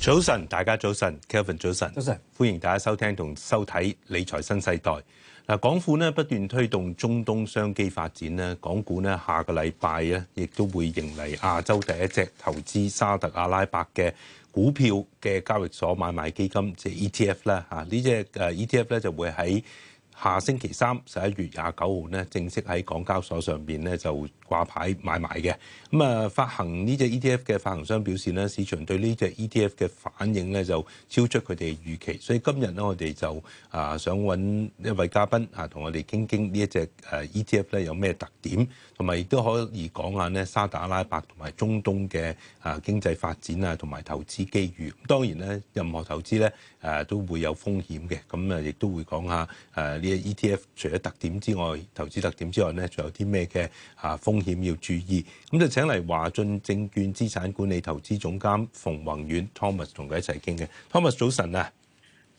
早晨，大家早晨，Kevin 早晨，早晨 Sir，歡迎大家收聽同收睇理財新世代。嗱，港府呢不斷推動中東商機發展呢，港股呢下個禮拜呢亦都會迎嚟亞洲第一隻投資沙特阿拉伯嘅股票嘅交易所買賣基金，即係 ETF 啦。吓呢隻誒 ETF 咧就會喺下星期三，十一月廿九號呢正式喺港交所上邊呢就。掛牌買賣嘅。咁啊，發行呢隻 ETF 嘅發行商表示咧，市場對呢隻 ETF 嘅反應咧就超出佢哋預期，所以今日咧我哋就啊想揾一位嘉賓啊，同我哋傾傾呢一隻誒 ETF 咧有咩特點，同埋亦都可以講下咧沙特阿拉伯同埋中東嘅啊經濟發展啊同埋投資機遇。當然咧任何投資咧誒都會有風險嘅，咁啊亦都會講下誒呢一 ETF 除咗特點之外，投資特點之外咧仲有啲咩嘅啊風。風險要注意，咁就請嚟華晉證券資產管理投資總監馮宏遠 Thomas 同佢一齊傾嘅。Thomas 早晨啊，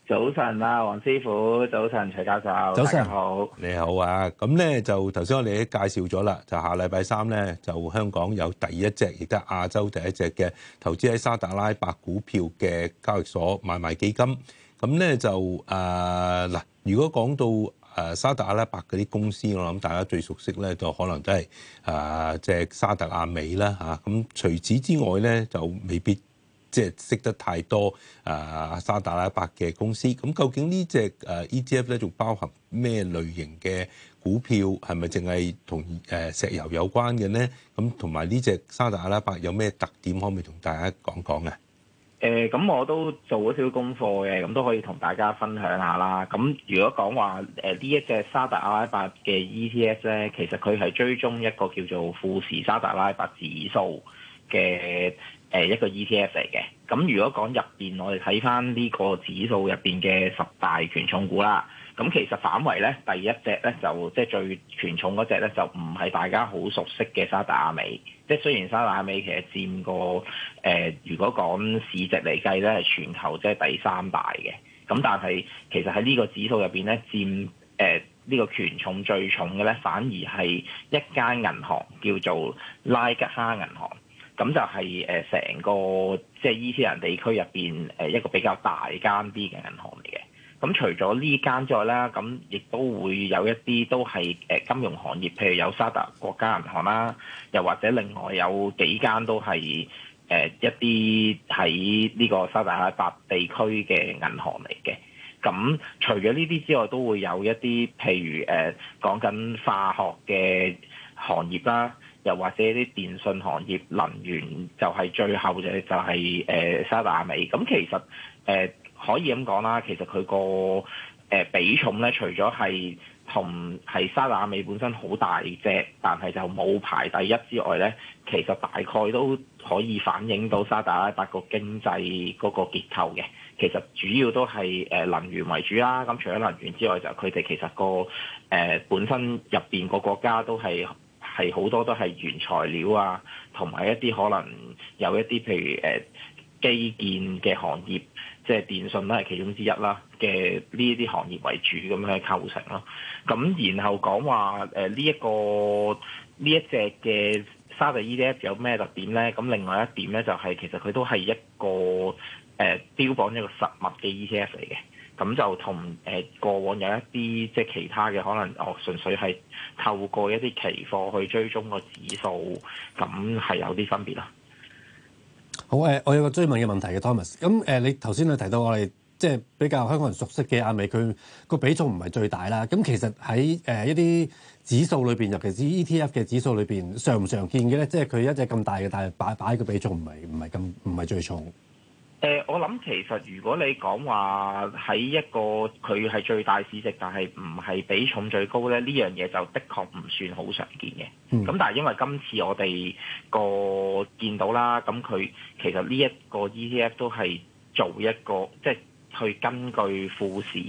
早晨啊，黃師傅，早晨徐教授，早晨好，你好啊。咁咧就頭先我哋已經介紹咗啦，就下禮拜三咧就香港有第一隻亦都係亞洲第一隻嘅投資喺沙特阿拉伯股票嘅交易所買賣基金。咁咧就誒嗱，如果講到誒沙特阿拉伯嗰啲公司，我諗大家最熟悉咧，就可能都係誒隻沙特阿美啦嚇。咁除此之外咧，就未必即係識得太多誒沙特阿拉伯嘅公司。咁究竟呢隻誒 ETF 咧，仲包含咩類型嘅股票？係咪淨係同誒石油有關嘅咧？咁同埋呢隻沙特阿拉伯有咩特點，可唔可以同大家講講啊？誒咁、呃、我都做咗少少功課嘅，咁都可以同大家分享下啦。咁如果講話誒呢一隻沙特阿拉伯嘅 ETF 咧，其實佢係追蹤一個叫做富時沙特阿拉伯指數嘅誒一個 ETF 嚟嘅。咁如果講入邊，我哋睇翻呢個指數入邊嘅十大權重股啦。咁其實反為咧，第一隻咧就即係最權重嗰隻咧，就唔係大家好熟悉嘅沙特阿美。即係雖然沙特阿美其實佔過誒、呃，如果講市值嚟計咧，係全球即係第三大嘅。咁但係其實喺呢個指數入邊咧，佔誒呢、呃呢個權重最重嘅咧，反而係一間銀行叫做拉吉哈銀行。咁就係誒成個即係伊斯蘭地區入邊誒一個比較大間啲嘅銀行嚟嘅。咁除咗呢間之外啦，咁亦都會有一啲都係誒金融行業，譬如有沙特國家銀行啦，又或者另外有幾間都係誒一啲喺呢個沙特阿拉伯地區嘅銀行嚟嘅。咁除咗呢啲之外，都會有一啲譬如誒講緊化學嘅行業啦，又或者啲電信行業、能源，就係最後嘅就係、是、誒、呃、沙特阿美。咁其實誒。呃可以咁講啦，其實佢個誒比重咧，除咗係同係沙特阿美本身好大隻，但係就冇排第一之外咧，其實大概都可以反映到沙特阿拉伯個經濟嗰個結構嘅。其實主要都係誒、呃、能源為主啦。咁、啊、除咗能源之外，就佢哋其實個誒、呃、本身入邊個國家都係係好多都係原材料啊，同埋一啲可能有一啲譬如誒。呃基建嘅行業，即係電信都係其中之一啦。嘅呢一啲行業為主咁樣構成咯。咁然後講話誒呢一個呢一隻嘅沙特 ETF 有咩特點咧？咁另外一點咧就係、是、其實佢都係一個誒標、呃、榜一個實物嘅 ETF 嚟嘅。咁就同誒、呃、過往有一啲即係其他嘅可能哦，純粹係透過一啲期貨去追蹤個指數，咁係有啲分別啦。好誒，我有個追問嘅問題嘅，Thomas。咁誒、呃，你頭先你提到我哋即係比較香港人熟悉嘅亞美，佢個比重唔係最大啦。咁其實喺誒、呃、一啲指數裏邊，尤其是 ETF 嘅指數裏邊，常唔常見嘅咧，即係佢一隻咁大嘅，但係擺擺個比重唔係唔係咁唔係最重。誒、呃，我諗其實如果你講話喺一個佢係最大市值，但係唔係比重最高咧，呢樣嘢就的確唔算好常見嘅。咁、嗯、但係因為今次我哋個見到啦，咁佢其實呢一個 ETF 都係做一個，即、就、係、是、去根據富時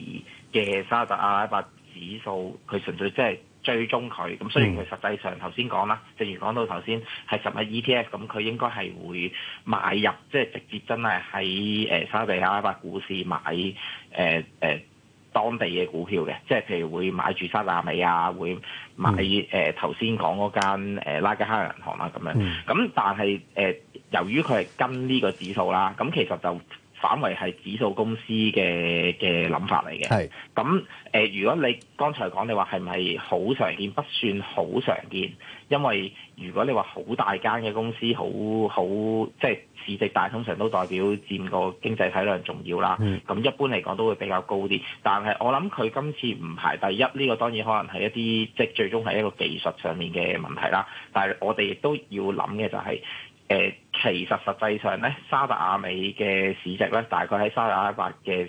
嘅沙特阿拉伯指數，佢純粹即係。追蹤佢咁，雖然佢實際上頭先講啦，正如講到頭先係十日 E T F，咁佢應該係會買入，即、就、係、是、直接真係喺誒沙地阿拉伯股市買誒誒、呃呃、當地嘅股票嘅，即係譬如會買住沙特阿美啊，會買誒頭先講嗰間拉加哈銀行啦咁樣。咁、嗯、但係誒、呃，由於佢係跟呢個指數啦，咁其實就。反為係指數公司嘅嘅諗法嚟嘅。係咁誒，如果你剛才講你話係咪好常見，不算好常見，因為如果你話好大間嘅公司，好好即係市值大，通常都代表佔個經濟體量重要啦。咁、嗯、一般嚟講都會比較高啲。但係我諗佢今次唔排第一，呢、呢個當然可能係一啲即係最終係一個技術上面嘅問題啦。但係我哋亦都要諗嘅就係、係。誒、呃，其實實際上咧，沙特阿美嘅市值咧，大概喺沙特阿拉伯嘅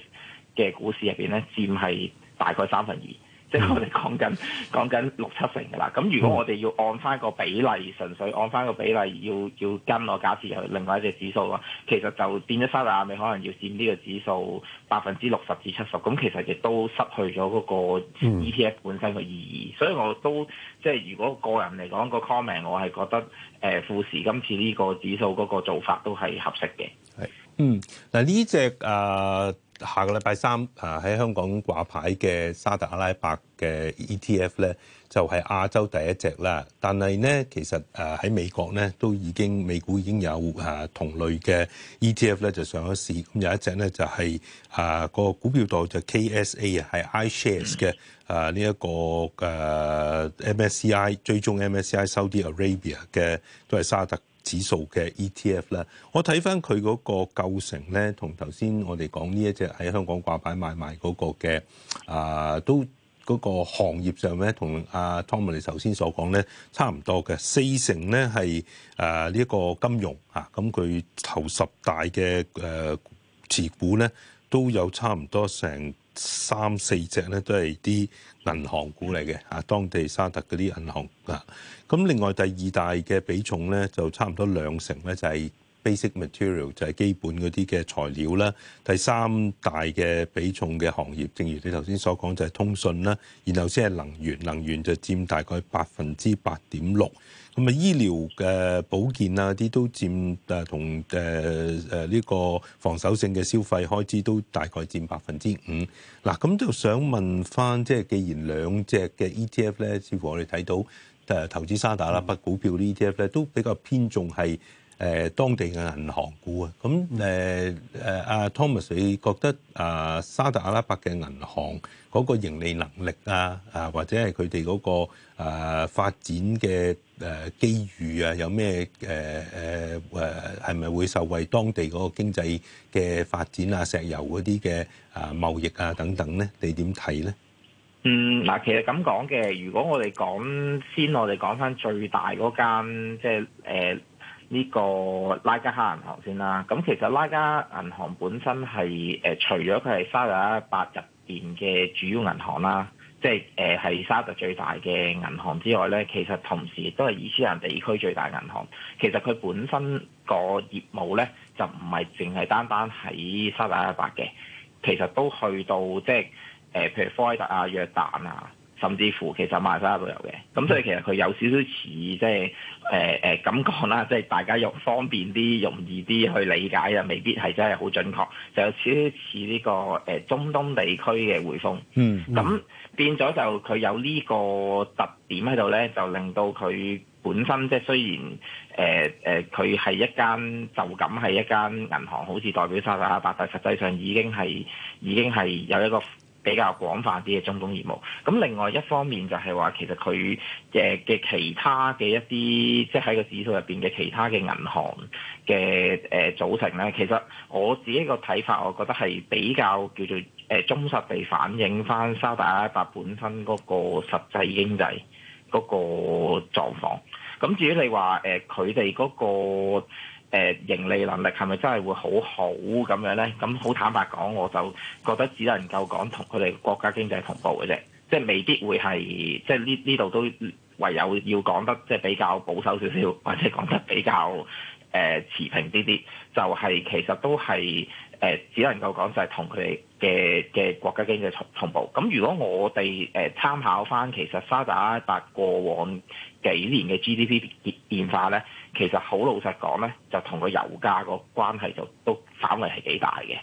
嘅股市入邊咧，佔係大概三分二。 即係我哋講緊講緊六七成嘅啦，咁如果我哋要按翻個比例，純粹按翻個比例要要跟我假設有另外一隻指數啊，其實就變咗沙特阿美可能要佔呢個指數百分之六十至七十，咁其實亦都失去咗嗰個 ETF 本身嘅意義。 所以我都即係如果個人嚟講、那個 comment，我係覺得誒、呃、富時今次呢個指數嗰個做法都係合適嘅。係，嗯，嗱呢隻誒。Uh 下個禮拜三啊，喺香港掛牌嘅沙特阿拉伯嘅 ETF 咧，就係亞洲第一隻啦。但係咧，其實誒喺美國咧，都已經美股已經有啊同類嘅 ETF 咧，就上咗市。咁有一隻咧就係、是、啊個股票代就 KSA 啊，係 iShares 嘅啊呢一個誒 MSCI 追蹤 MSCI Saudi Arabia 嘅都係沙特。 指數嘅 ETF 咧，我睇翻佢嗰個構成咧，同頭先我哋講呢一隻喺香港掛牌買賣嗰個嘅啊，都嗰、嗰個行業上咧，同阿 Tommy 頭先所講咧差唔多嘅，四成咧係誒呢個金融嚇，咁、啊、佢頭十大嘅誒、呃、持股咧都有差唔多成。三四隻咧都係啲銀行股嚟嘅嚇，當地沙特嗰啲銀行啊，咁另外第二大嘅比重咧就差唔多兩成咧就係。basic material 就係基本嗰啲嘅材料啦，第三大嘅比重嘅行業正如你頭先所講就係、是、通訊啦。然後先係能源，能源就占大概百分之八點六。咁啊，醫療嘅保健啊啲都占誒同誒誒呢個防守性嘅消費開支都大概占百分之五。嗱，咁就想問翻，即係既然兩隻嘅 ETF 咧，似乎我哋睇到誒投資沙特啦，不股票嘅 ETF 咧，都比較偏重係。誒當地嘅銀行股啊，咁誒誒阿 Thomas，你覺得啊，沙特阿拉伯嘅銀行嗰個盈利能力啊，啊或者係佢哋嗰個啊發展嘅誒機遇啊，有咩誒誒誒係咪會受惠當地嗰個經濟嘅發展啊、石油嗰啲嘅啊貿易啊等等咧？你點睇咧？嗯，嗱，其實咁講嘅，如果我哋講先，我哋講返最大嗰間即係誒。就是呃呢個拉加哈銀行先啦，咁其實拉加銀行本身係誒、呃，除咗佢係沙特阿拉伯入邊嘅主要銀行啦，即係誒係沙特最大嘅銀行之外咧，其實同時亦都係伊斯蘭地區最大銀行。其實佢本身個業務咧就唔係淨係單單喺沙特阿拉伯嘅，其實都去到即係誒、呃，譬如科威特啊、約旦啊。甚至乎其實馬來西亞都有嘅，咁所以其實佢有少少似即係誒誒咁講啦，即係、呃呃、大家又方便啲、容易啲去理解，又未必係真係好準確，就有少少似呢個誒、呃、中東地區嘅匯豐。嗯，咁變咗就佢有呢個特點喺度咧，就令到佢本身即係雖然誒誒，佢、呃、係、呃、一間就咁係一間銀行，好似代表沙特阿拔，但實際上已經係已經係有一個。比較廣泛啲嘅中東業務，咁另外一方面就係話，其實佢誒嘅其他嘅一啲，即係喺個指數入邊嘅其他嘅銀行嘅誒、呃、組成咧，其實我自己個睇法，我覺得係比較叫做誒、呃、忠實地反映翻沙特阿拉伯本身嗰個實際經濟嗰個狀況。咁至於你話誒佢哋嗰個。誒盈利能力係咪真係會好好咁樣呢？咁好坦白講，我就覺得只能夠講同佢哋國家經濟同步嘅啫，即係未必會係即係呢呢度都唯有要講得即係比較保守少少，或者講得比較誒、呃、持平啲啲，就係、是、其實都係誒、呃、只能夠講就係同佢哋嘅嘅國家經濟同同步。咁如果我哋誒參考翻其實沙特過往幾年嘅 GDP 變化呢。其實好老實講咧，就同個油價個關係就都範圍係幾大嘅，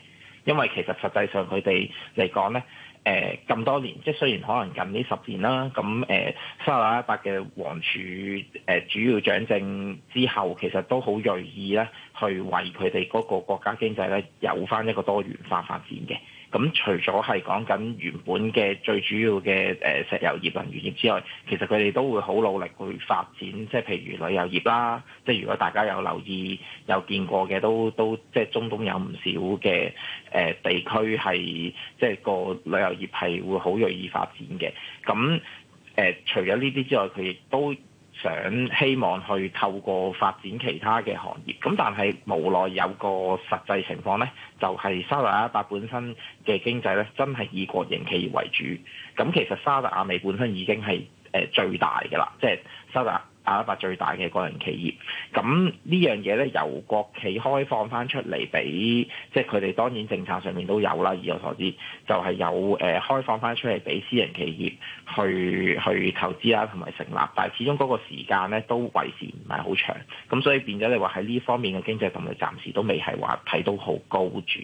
因為其實實際上佢哋嚟講咧，誒、呃、咁多年，即係雖然可能近呢十年啦，咁誒沙特阿拉伯嘅王儲誒主要掌政之後，其實都好鋭意咧，去為佢哋嗰個國家經濟咧有返一個多元化發展嘅。咁除咗係講緊原本嘅最主要嘅誒石油業能源業之外，其實佢哋都會好努力去發展，即係譬如旅遊業啦。即係如果大家有留意有見過嘅，都都即係中東有唔少嘅誒、呃、地區係即係個旅遊業係會好銳意發展嘅。咁誒、呃，除咗呢啲之外，佢亦都。想希望去透過發展其他嘅行業，咁但係無奈有個實際情況呢，就係、是、沙特阿拉伯本身嘅經濟呢，真係以國營企業為主。咁其實沙特阿美本身已經係誒最大嘅啦，即係沙特。阿里巴巴最大嘅個人企業，咁呢樣嘢咧由國企開放翻出嚟俾，即係佢哋當然政策上面都有啦，以我所知就係、是、有誒、呃、開放翻出嚟俾私人企業去去投資啦，同埋成立，但係始終嗰個時間咧都維持唔係好長，咁所以變咗你話喺呢方面嘅經濟動力暫時都未係話睇到好高住。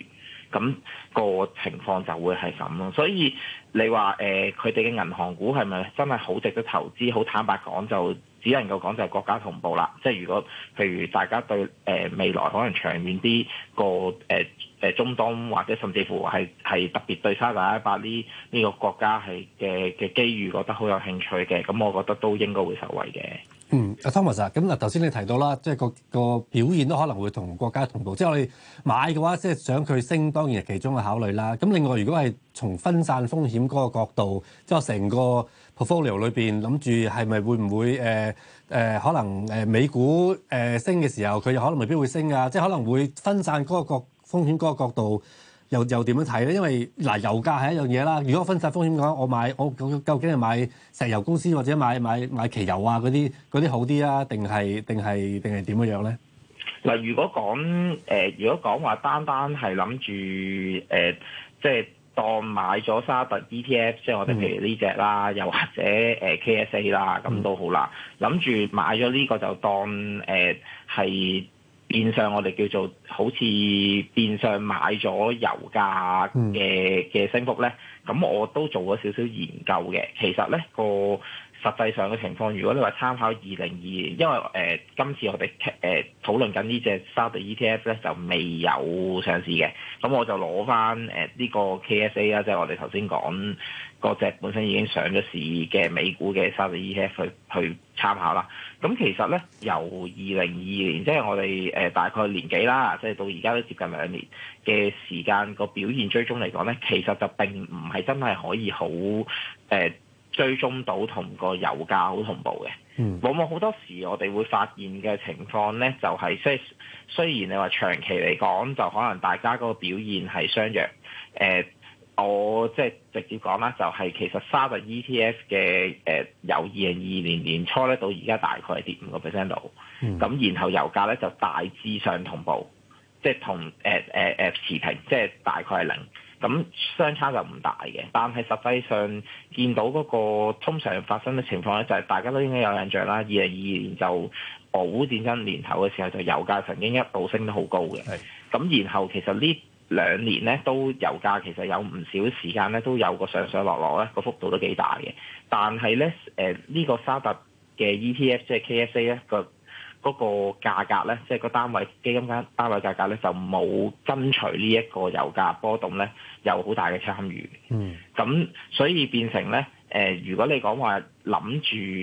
咁個情況就會係咁咯，所以你話誒佢哋嘅銀行股係咪真係好值得投資？好坦白講，就只能夠講就國家同步啦。即係如果譬如大家對誒、呃、未來可能長遠啲個誒誒中東或者甚至乎係係特別對沙特阿拉伯呢呢個國家係嘅嘅機遇覺得好有興趣嘅，咁我覺得都應該會受惠嘅。嗯，阿 Thomas 啊，咁嗱，頭先你提到啦，即係個個表現都可能會同國家同步，即係我哋買嘅話，即係想佢升，當然係其中嘅考慮啦。咁另外，如果係從分散風險嗰個角度，即係成個 portfolio 裏邊，諗住係咪會唔會誒誒、呃呃，可能誒美股誒、呃、升嘅時候，佢又可能未必會升啊，即係可能會分散嗰個角風險嗰個角度。又又點樣睇咧？因為嗱，油價係一樣嘢啦。如果分散風險嘅話，我買我究竟係買石油公司或者買買買汽油啊嗰啲嗰啲好啲啊？定係定係定係點樣樣咧？嗱，如果講誒，如果講話單單係諗住誒，即係當買咗沙特 ETF，即係我哋譬如呢隻啦，又或者誒 KSA 啦，咁都好啦。諗住買咗呢個就當誒係。變相我哋叫做好似變相買咗油價嘅嘅、嗯、升幅咧，咁我都做咗少少研究嘅，其實咧個實際上嘅情況，如果你話參考二零二，因為誒、呃、今次我哋誒討論緊呢隻沙特 ETF 咧就未有上市嘅，咁我就攞翻誒呢個 KSA 啦、啊，即係我哋頭先講嗰隻本身已經上咗市嘅美股嘅沙特 ETF 去去參考啦。咁其實咧由二零二年，即係我哋誒、呃、大概年幾啦，即係到而家都接近兩年嘅時間、個表現追蹤嚟講咧，其實就並唔係真係可以好誒。呃追蹤到同個油價好同步嘅，往往好多時我哋會發現嘅情況咧、就是，就係即係雖然你話長期嚟講，就可能大家嗰個表現係相若。誒、呃，我即係直接講啦，就係、是、其實沙特 ETF 嘅誒由二零二二年年初咧，到而家大概係跌五個 percent 度，咁、嗯、然後油價咧就大致上同步，即係同誒誒誒持平，即係大概係零。咁相差就唔大嘅，但係實際上見到嗰個通常發生嘅情況咧，就係、是、大家都應該有印象啦。二零二二年就俄烏戰爭年頭嘅時候，就油價曾經一度升得好高嘅。咁是然後其實呢兩年咧，都油價其實有唔少時間咧，都有個上上落落咧，個幅度都幾大嘅。但係咧，誒、呃、呢、這個沙特嘅 ETF 即係 KSA 咧個。嗰個價格咧，即係個單位基金間單位價格咧，就冇跟隨呢一個油價波動咧，有好大嘅參與。嗯，咁所以變成咧，誒、呃，如果你講話諗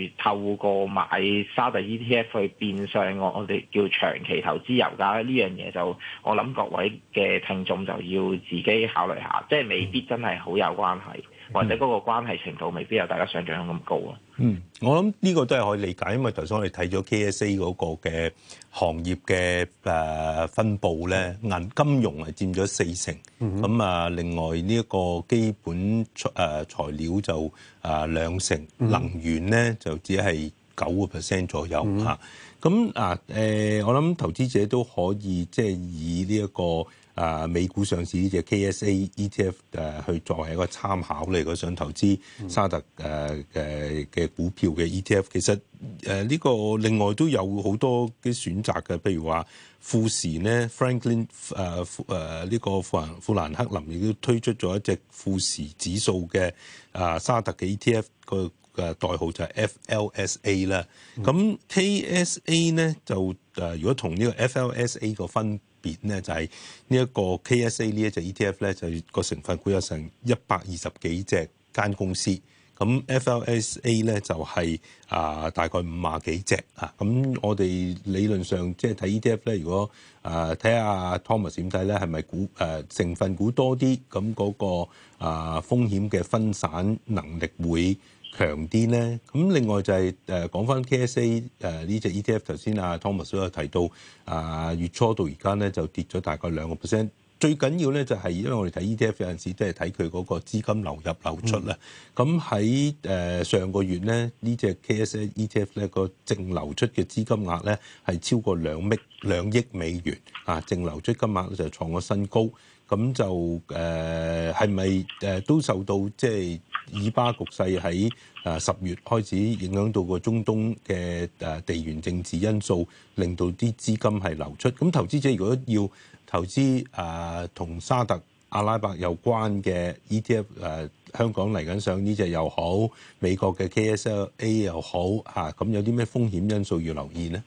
住透過買沙特 ETF 去變相我我哋叫長期投資油價呢樣嘢，就我諗各位嘅聽眾就要自己考慮下，即係未必真係好有關係。嗯或者嗰個關係程度未必有大家想像咁高啊！嗯，我諗呢個都係可以理解，因為頭先我哋睇咗 KSA 嗰個嘅行業嘅誒分佈咧，銀金融係佔咗四成，咁啊、嗯、哼另外呢一個基本誒材料就啊兩成，嗯、哼能源咧就只係九個 percent 左右嚇。咁啊誒，我諗投資者都可以即係以呢、這、一個。誒、啊、美股上市呢隻 KSA ETF 誒、啊、去作為一個參考咧，如果想投資沙特誒誒嘅股票嘅 ETF，其實誒呢、啊這個另外都有好多嘅選擇嘅，譬如話富時呢 Franklin 誒誒呢個富富蘭克林亦都推出咗一隻富時指數嘅誒、啊、沙特嘅 ETF，個嘅代號就係 FLSA 啦、嗯。咁 KSA 咧就誒、啊、如果同呢個 FLSA 個分。別咧就係呢一個 KSA 呢一隻 ETF 咧，就是個，個，呢就是、個成分股有成一百二十幾隻間公司，咁 FLSA 咧就係、是、啊、呃、大概五廿幾隻啊。咁我哋理論上即係睇 ETF 咧，如果、呃、看看啊睇下 Thomas 點睇咧，係咪股誒、呃、成分股多啲，咁嗰、那個啊、呃、風險嘅分散能力會強啲咧，咁另外就係、是、誒講翻 KSA 誒、呃、呢隻、這個、ETF，頭先阿、啊、Thomas 都有提到，啊、呃、月初到而家咧就跌咗大概兩個 percent。最緊要咧就係因為我哋睇 ETF 有陣時都係睇佢嗰個資金流入流出啦。咁喺誒上個月咧呢隻、這個、KSA ETF 咧個淨流出嘅資金額咧係超過兩億兩億美元啊，淨流出金額就創咗新高。咁就誒係咪誒都受到即係以巴局勢喺誒十月開始影響到個中東嘅誒地緣政治因素，令到啲資金係流出。咁投資者如果要投資誒同沙特阿拉伯有關嘅 ETF 誒，香港嚟緊上呢隻又好，美國嘅 KSLA 又好嚇，咁有啲咩風險因素要留意呢？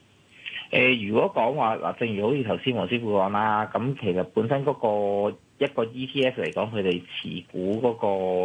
誒、呃，如果講話嗱，正如好似頭先黃師傅講啊，咁其實本身嗰、那個。一個 ETF 嚟講，佢哋持股嗰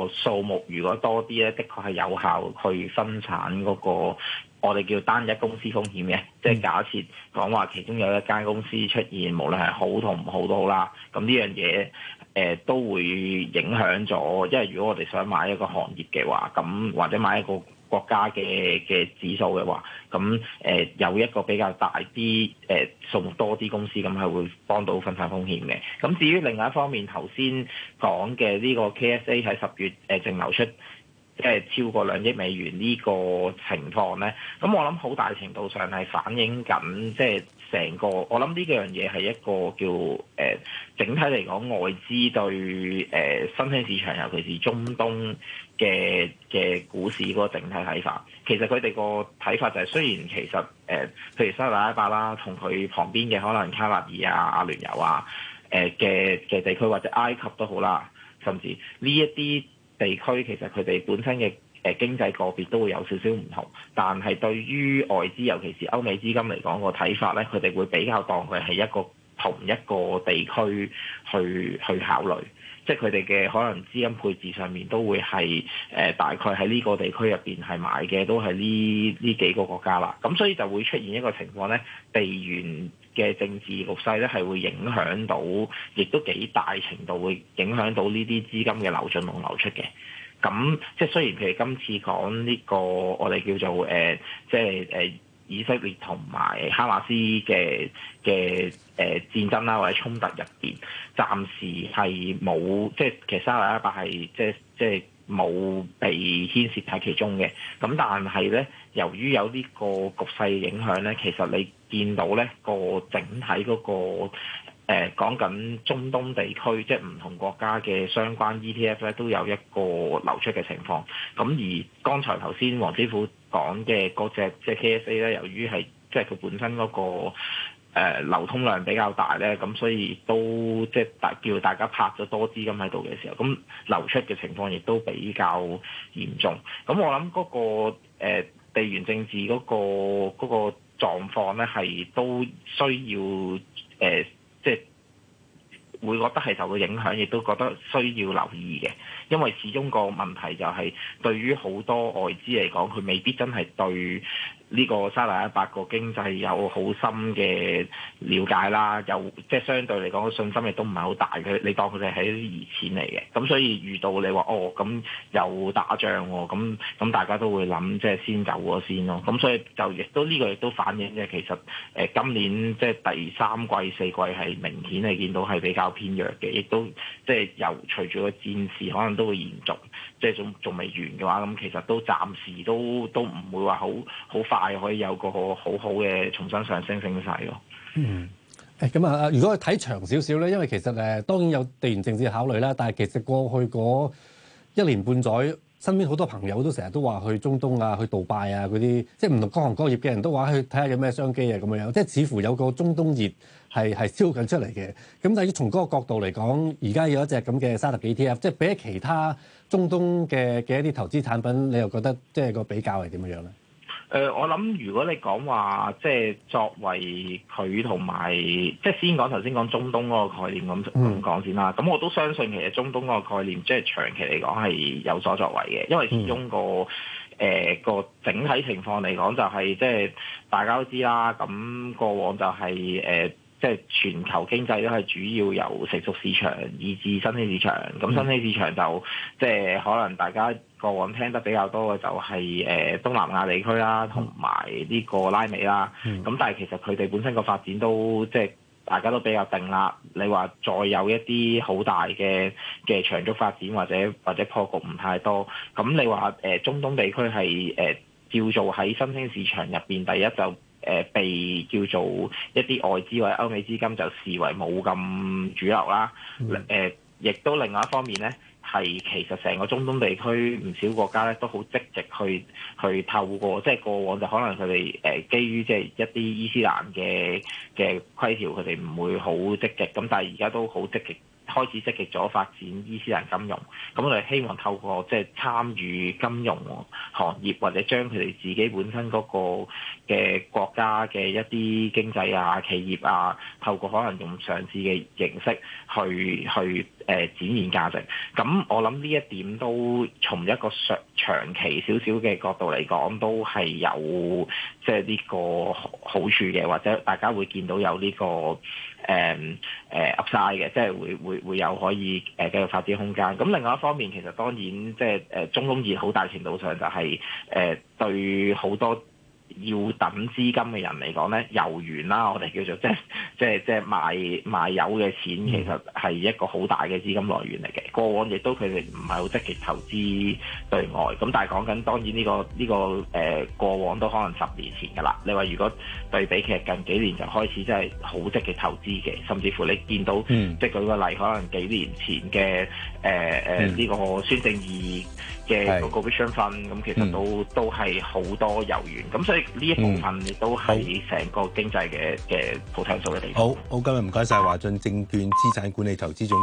個數目如果多啲咧，的確係有效去分散嗰個我哋叫單一公司風險嘅。即係假設講話其中有一間公司出現，無論係好同唔好都好啦，咁呢樣嘢誒、呃、都會影響咗。因為如果我哋想買一個行業嘅話，咁或者買一個。國家嘅嘅指數嘅話，咁誒、呃、有一個比較大啲誒數目多啲公司，咁係會幫到分散風險嘅。咁至於另外一方面，頭先講嘅呢個 KSA 喺十月誒、呃、淨流出即係超過兩億美元呢個情況咧，咁我諗好大程度上係反映緊即係成個，我諗呢樣嘢係一個叫誒、呃、整體嚟講外資對誒、呃、新興市場，尤其是中東。嘅嘅股市嗰個整體睇法，其實佢哋個睇法就係、是，雖然其實誒、呃，譬如沙特阿拉伯啦，同佢旁邊嘅可能卡納爾啊、阿聯酋啊、誒嘅嘅地區或者埃及都好啦，甚至呢一啲地區其實佢哋本身嘅誒、呃、經濟個別都會有少少唔同，但係對於外資尤其是歐美資金嚟講個睇法咧，佢哋會比較當佢係一個同一個地區去去考慮。即係佢哋嘅可能資金配置上面都會係誒、呃、大概喺呢個地區入邊係買嘅，都係呢呢幾個國家啦。咁所以就會出現一個情況咧，地緣嘅政治局勢咧係會影響到，亦都幾大程度會影響到呢啲資金嘅流進同流出嘅。咁即係雖然譬如今次講呢、這個我哋叫做誒、呃、即係誒。呃以色列同埋哈馬斯嘅嘅誒戰爭啦，或者衝突入邊，暫時係冇即係其實沙特阿拉伯係即係即係冇被牽涉喺其中嘅。咁但係咧，由於有呢個局勢影響咧，其實你見到咧個整體嗰、那個誒、呃、講緊中東地區，即係唔同國家嘅相關 ETF 咧，都有一個流出嘅情況。咁而剛才頭先黃師傅。講嘅嗰隻即係 KSA 咧，那個、SA，由於係即係佢本身嗰、那個、呃、流通量比較大咧，咁所以都即係大叫大家拍咗多資金喺度嘅時候，咁流出嘅情況亦都比較嚴重。咁我諗嗰、那個、呃、地緣政治嗰、那個嗰、那個狀況咧，係都需要誒。呃會覺得係受到影響，亦都覺得需要留意嘅，因為始終個問題就係、是、對於好多外資嚟講，佢未必真係對呢個沙特一百個經濟有好深嘅了解啦，有即係相對嚟講信心亦都唔係好大嘅。你當佢哋係啲疑錢嚟嘅，咁所以遇到你話哦咁有打仗喎、哦，咁咁大家都會諗即係先走咗先咯、哦。咁所以就亦都呢個亦都反映即係其實誒、呃、今年即係第三季、四季係明顯係見到係比較偏弱嘅，亦都即係由隨住個戰事可能都會延續，即係仲仲未完嘅話，咁其實都暫時都都唔會話好好快。大可以有個好好嘅重新上升升勢咯。嗯，誒咁、欸、啊，如果係睇長少少咧，因為其實誒當然有地緣政治考慮啦。但係其實過去嗰一年半載，身邊好多朋友都成日都話去中東啊、去杜拜啊嗰啲，即係唔同各行各業嘅人都話去睇下有咩商機啊咁樣。即係似乎有個中東熱係係燒緊出嚟嘅。咁但係從嗰個角度嚟講，而家有一隻咁嘅沙特 ETF，即係比起其他中東嘅嘅一啲投資產品，你又覺得即係個比較係點樣樣咧？誒、呃，我諗如果你講話，即係作為佢同埋，即係先講頭先講中東嗰個概念咁咁講先啦。咁我都相信其實中東嗰個概念，即係長期嚟講係有所作為嘅，因為始終個誒個、呃、整體情況嚟講，就係即係大家都知啦。咁過往就係、是、誒。呃即係全球經濟都係主要由成熟市場以至新興市場，咁新興市場就即係可能大家過往聽得比較多嘅就係、是、誒、呃、東南亞地區啦，同埋呢個拉美啦。咁、嗯、但係其實佢哋本身個發展都即係大家都比較定啦，你話再有一啲好大嘅嘅長足發展或者或者破局唔太多，咁你話誒、呃、中東地區係誒叫做喺新興市場入邊第一就。誒、呃、被叫做一啲外資或者歐美資金就視為冇咁主流啦。誒、呃，亦都另外一方面咧，係其實成個中東地區唔少國家咧都好積極去去透過，即係過往就可能佢哋誒基於即係一啲伊斯蘭嘅嘅規條，佢哋唔會好積極。咁但係而家都好積極。開始積極咗發展伊斯蘭金融，咁我哋希望透過即係參與金融行業或者將佢哋自己本身嗰個嘅國家嘅一啲經濟啊、企業啊，透過可能用上市嘅形式去去誒展現價值。咁我諗呢一點都從一個長長期少少嘅角度嚟講，都係有即係呢個好處嘅，或者大家會見到有呢個。誒誒、um, uh, upside 嘅，即係會會會有可以誒、uh, 繼續發展空間。咁另外一方面，其實當然即係誒、uh, 中東熱好大程度上就係、是、誒、uh, 對好多。要等資金嘅人嚟講呢，油源啦、啊，我哋叫做即即即賣賣油嘅錢，其實係一個好大嘅資金來源嚟嘅。過往亦都佢哋唔係好積極投資對外。咁但係講緊當然呢、呢個呢、呢個誒、呃、過往都可能十年前㗎啦。你話如果對比其實近幾年就開始真係好積極投資嘅，甚至乎你見到、嗯、即舉個例，可能幾年前嘅誒誒呢個孫正義嘅嗰個 Vision Fund，咁是其實都、嗯、都係好多油源。咁所以呢一部分亦都係成個經濟嘅嘅、嗯、好睇數嘅地方。好，好，今日唔該晒，華俊證券資產管理投資總。